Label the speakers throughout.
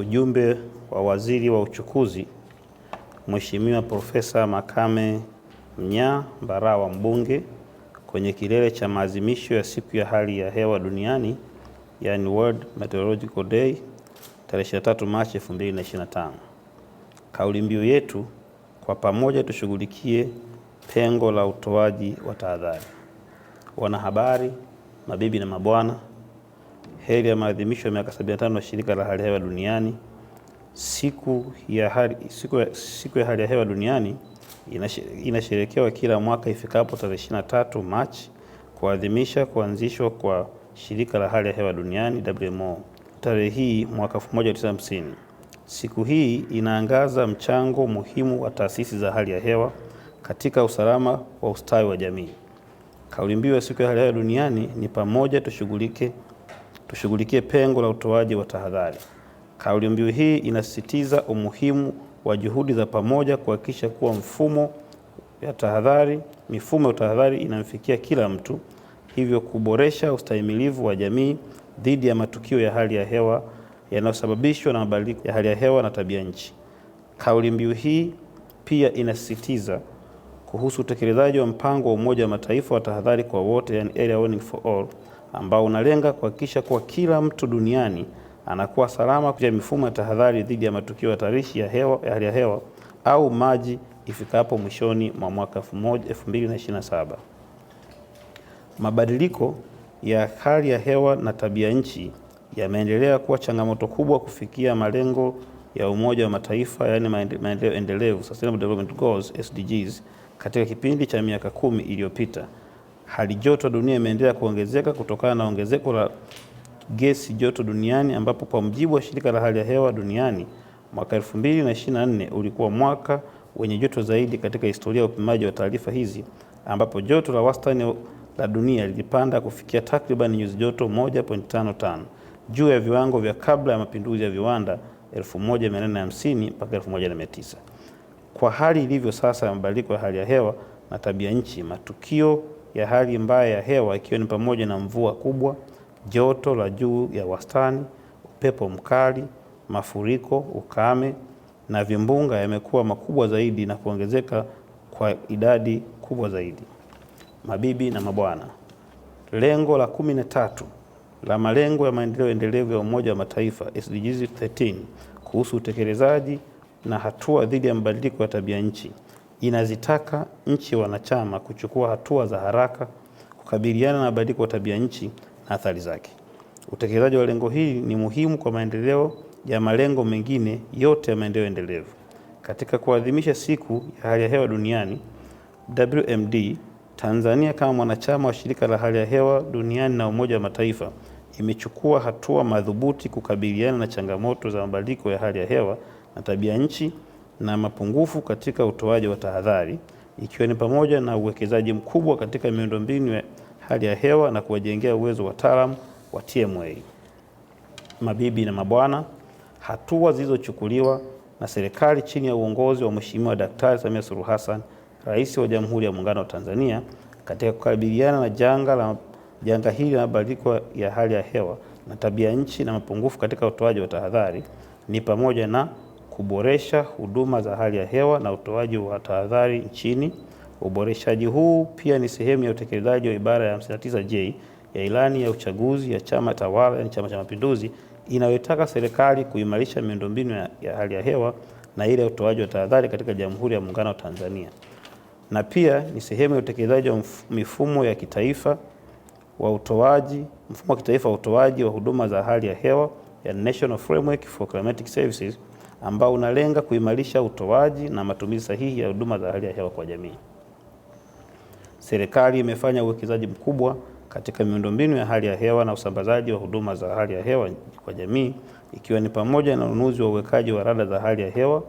Speaker 1: Ujumbe wa Waziri wa Uchukuzi Mheshimiwa Profesa Makame Mnyaa Mbarawa Mbunge kwenye kilele cha maadhimisho ya siku ya hali ya hewa duniani yani World Meteorological Day tarehe 3 Machi 2025. Kauli mbiu yetu kwa pamoja tushughulikie pengo la utoaji wa tahadhari. Wanahabari, mabibi na mabwana, heri ya maadhimisho ya miaka 75 ya shirika la hali ya hewa duniani. Siku ya hali, siku ya, siku ya hali ya hewa duniani inasherekewa kila mwaka ifikapo tarehe 23 Machi kuadhimisha kuanzishwa kwa shirika la hali ya hewa duniani WMO. Tarehe hii mwaka 1950. Siku hii inaangaza mchango muhimu wa taasisi za hali ya hewa katika usalama wa ustawi wa jamii. Kauli mbiu ya siku ya hali ya hewa duniani ni pamoja tushughulike tushughulikie pengo la utoaji wa tahadhari. Kauli mbiu hii inasisitiza umuhimu wa juhudi za pamoja kuhakikisha kuwa mfumo ya tahadhari, mifumo ya tahadhari inamfikia kila mtu, hivyo kuboresha ustahimilivu wa jamii dhidi ya matukio ya hali ya hewa yanayosababishwa na mabadiliko ya hali ya hewa na tabia nchi. Kauli mbiu hii pia inasisitiza kuhusu utekelezaji wa mpango wa Umoja wa Mataifa wa tahadhari kwa wote, yani Early Warning for All ambao unalenga kuhakikisha kuwa kila mtu duniani anakuwa salama kupitia mifumo ya tahadhari dhidi ya matukio hatarishi ya hali ya hewa au maji ifikapo mwishoni mwa mwaka 2027. Mabadiliko ya hali ya hewa na tabia nchi yameendelea kuwa changamoto kubwa kufikia malengo ya Umoja wa Mataifa, yani maendeleo endelevu, Sustainable Development Goals, SDGs, katika kipindi cha miaka kumi iliyopita hali joto dunia imeendelea kuongezeka kutokana na ongezeko la gesi joto duniani ambapo kwa mujibu wa shirika la hali ya hewa duniani mwaka 2024 ulikuwa mwaka wenye joto zaidi katika historia ya upimaji wa taarifa hizi ambapo joto la wastani la dunia lilipanda kufikia takriban nyuzi joto 1.55 juu ya viwango vya kabla ya mapinduzi ya viwanda 1850 mpaka 1900. Kwa hali ilivyo sasa ya mabadiliko ya hali ya hewa na tabia nchi, matukio ya hali mbaya ya hewa ikiwa ni pamoja na mvua kubwa, joto la juu ya wastani, upepo mkali, mafuriko, ukame na vimbunga yamekuwa makubwa zaidi na kuongezeka kwa idadi kubwa zaidi. Mabibi na mabwana, lengo la kumi na tatu la malengo ya maendeleo endelevu ya Umoja wa Mataifa SDGs 13 kuhusu utekelezaji na hatua dhidi ya mabadiliko ya tabia nchi inazitaka nchi wanachama kuchukua hatua za haraka kukabiliana na mabadiliko ya tabia nchi na athari zake. Utekelezaji wa lengo hili ni muhimu kwa maendeleo ya malengo mengine yote ya maendeleo endelevu. Katika kuadhimisha siku ya hali ya hewa duniani WMD, Tanzania kama mwanachama wa shirika la hali ya hewa duniani na Umoja wa Mataifa imechukua hatua madhubuti kukabiliana na changamoto za mabadiliko ya hali ya hewa na tabia nchi na mapungufu katika utoaji wa tahadhari ikiwa ni pamoja na uwekezaji mkubwa katika miundombinu ya hali ya hewa na kuwajengea uwezo wataalamu wa TMA. Mabibi na mabwana, hatua zilizochukuliwa na serikali chini ya uongozi wa Mheshimiwa Daktari Samia Suluhu Hassan, Rais wa Jamhuri ya Muungano wa Tanzania, katika kukabiliana na janga la janga hili la mabadiliko ya hali ya hewa na tabia nchi na mapungufu katika utoaji wa tahadhari ni pamoja na kuboresha huduma za hali ya hewa na utoaji wa tahadhari nchini. Uboreshaji huu pia ni sehemu ya utekelezaji wa ibara ya 59J ya ilani ya uchaguzi ya chama tawala, yani Chama cha Mapinduzi, inayotaka serikali kuimarisha miundombinu ya, ya hali ya hewa na ile ya utoaji wa tahadhari katika Jamhuri ya Muungano wa Tanzania, na pia ni sehemu ya utekelezaji wa mifumo ya kitaifa wa utoaji mfumo wa kitaifa wa utoaji wa huduma za hali ya hewa ya National Framework for Climatic Services ambao unalenga kuimarisha utoaji na matumizi sahihi ya huduma za hali ya hewa kwa jamii. Serikali imefanya uwekezaji mkubwa katika miundombinu ya hali ya hewa na usambazaji wa huduma za hali ya hewa kwa jamii ikiwa ni pamoja na ununuzi wa uwekaji wa rada za hali ya hewa,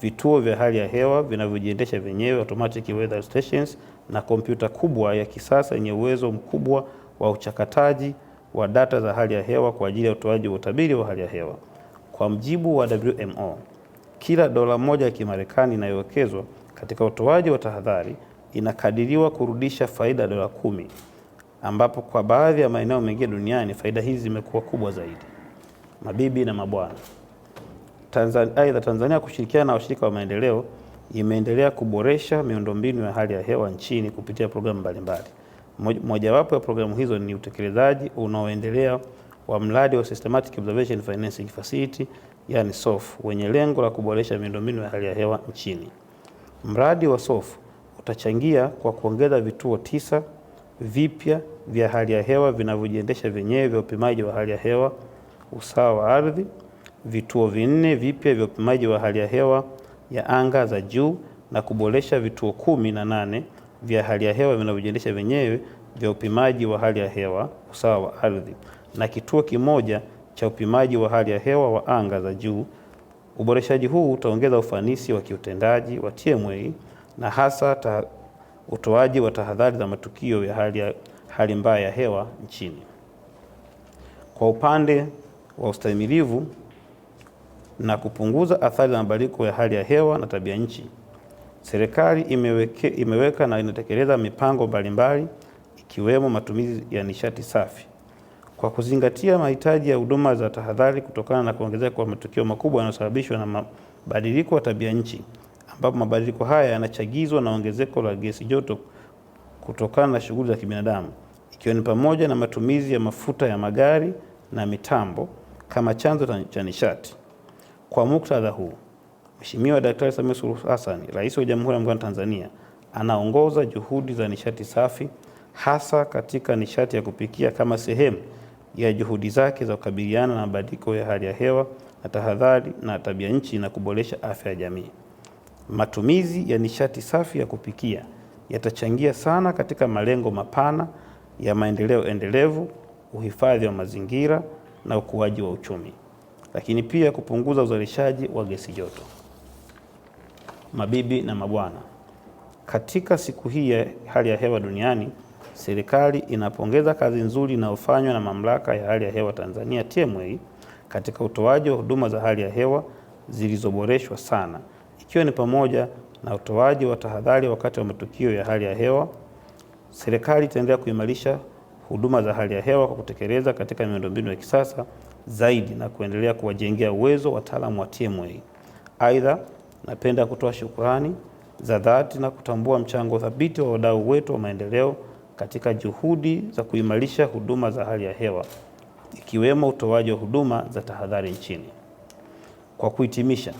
Speaker 1: vituo vya hali ya hewa vinavyojiendesha vyenyewe automatic weather stations, na kompyuta kubwa ya kisasa yenye uwezo mkubwa wa uchakataji wa data za hali ya hewa kwa ajili ya utoaji wa utabiri wa hali ya hewa. Kwa mjibu wa WMO, kila dola moja ya Kimarekani inayowekezwa katika utoaji wa tahadhari inakadiriwa kurudisha faida ya dola kumi, ambapo kwa baadhi ya maeneo mengine duniani faida hizi zimekuwa kubwa zaidi. Mabibi na mabwana, Tanzania, aidha Tanzania kushirikiana na washirika wa maendeleo imeendelea kuboresha miundombinu ya hali ya hewa nchini kupitia programu mbalimbali. Mojawapo ya programu hizo ni utekelezaji unaoendelea wa mradi wa Systematic Observation Financing Facility yani SOF wenye lengo la kuboresha miundombinu ya hali ya hewa nchini. Mradi wa SOF utachangia kwa kuongeza vituo tisa vipya vya hali ya hewa vinavyojiendesha vyenyewe vya upimaji wa hali ya hewa usawa wa ardhi, vituo vinne vipya vya upimaji wa hali ya hewa ya anga za juu na kuboresha vituo kumi na nane vya hali ya hewa vinavyojiendesha vyenyewe vya upimaji wa hali ya hewa usawa wa ardhi na kituo kimoja cha upimaji wa hali ya hewa wa anga za juu. Uboreshaji huu utaongeza ufanisi wa kiutendaji wa TMA na hasa ta utoaji wa tahadhari za matukio ya hali, ya hali mbaya ya hewa nchini. Kwa upande wa ustahimilivu na kupunguza athari za mabadiliko ya hali ya hewa na tabia nchi, serikali imeweke, imeweka na inatekeleza mipango mbalimbali ikiwemo matumizi ya nishati safi kwa kuzingatia mahitaji ya huduma za tahadhari kutokana na kuongezeka kwa matukio makubwa yanayosababishwa na mabadiliko ya tabia nchi, ambapo mabadiliko haya yanachagizwa na ongezeko la gesi joto kutokana na shughuli za kibinadamu, ikiwa ni pamoja na matumizi ya mafuta ya magari na mitambo kama chanzo cha nishati. Kwa muktadha huu, Mheshimiwa Daktari Samia Suluhu Hassan, Rais wa Jamhuri ya Muungano wa Tanzania, anaongoza juhudi za nishati safi, hasa katika nishati ya kupikia kama sehemu ya juhudi zake za kukabiliana na mabadiliko ya hali ya hewa na tahadhari na tabia nchi na kuboresha afya ya jamii. Matumizi ya nishati safi ya kupikia yatachangia sana katika malengo mapana ya maendeleo endelevu, uhifadhi wa mazingira na ukuaji wa uchumi, lakini pia kupunguza uzalishaji wa gesi joto. Mabibi na mabwana, katika siku hii ya hali ya hewa duniani serikali inapongeza kazi nzuri inayofanywa na mamlaka ya hali ya hewa Tanzania TMA katika utoaji wa huduma za hali ya hewa zilizoboreshwa sana, ikiwa ni pamoja na utoaji wa tahadhari wakati wa matukio ya hali ya hewa. Serikali itaendelea kuimarisha huduma za hali ya hewa kwa kutekeleza katika miundombinu ya kisasa zaidi na kuendelea kuwajengea uwezo wataalamu wa TMA. Aidha, napenda kutoa shukurani za dhati na kutambua mchango thabiti wa wadau wetu wa maendeleo katika juhudi za kuimarisha huduma za hali ya hewa ikiwemo utoaji wa huduma za tahadhari nchini. Kwa kuhitimisha,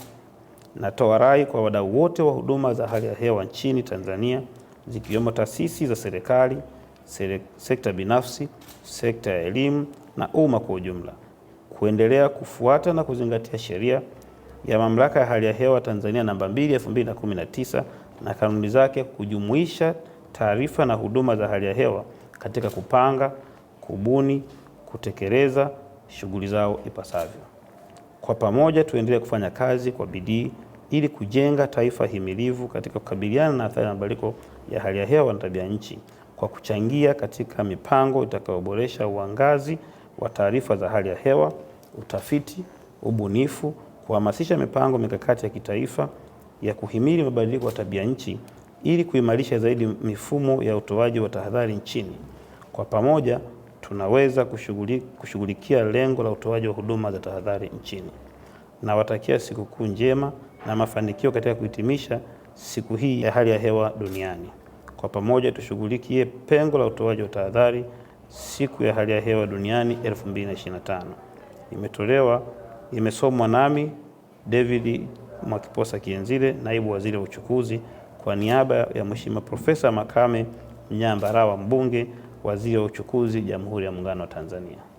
Speaker 1: natoa rai kwa wadau wote wa huduma za hali ya hewa nchini Tanzania zikiwemo taasisi za serikali, sekta binafsi, sekta ya elimu na umma kwa ujumla kuendelea kufuata na kuzingatia sheria ya Mamlaka ya Hali ya Hewa Tanzania namba 2 2019 na kanuni zake kujumuisha taarifa na huduma za hali ya hewa katika kupanga, kubuni, kutekeleza shughuli zao ipasavyo. Kwa pamoja tuendelee kufanya kazi kwa bidii ili kujenga taifa himilivu katika kukabiliana na athari ya mabadiliko ya hali ya hewa na tabia nchi kwa kuchangia katika mipango itakayoboresha uangazi wa taarifa za hali ya hewa, utafiti, ubunifu, kuhamasisha mipango mikakati ya kitaifa ya kuhimili mabadiliko ya tabia nchi ili kuimarisha zaidi mifumo ya utoaji wa tahadhari nchini. Kwa pamoja tunaweza kushughulikia lengo la utoaji wa huduma za tahadhari nchini. Nawatakia sikukuu njema na mafanikio katika kuhitimisha siku hii ya hali ya hewa duniani. Kwa pamoja tushughulikie pengo la utoaji wa tahadhari siku ya hali ya hewa duniani 2025. Imetolewa, imesomwa nami David Mwakiposa Kienzile, naibu waziri wa uchukuzi kwa niaba ya Mheshimiwa Profesa Makame Mnyambarawa, mbunge, waziri wa uchukuzi, Jamhuri ya Muungano wa Tanzania.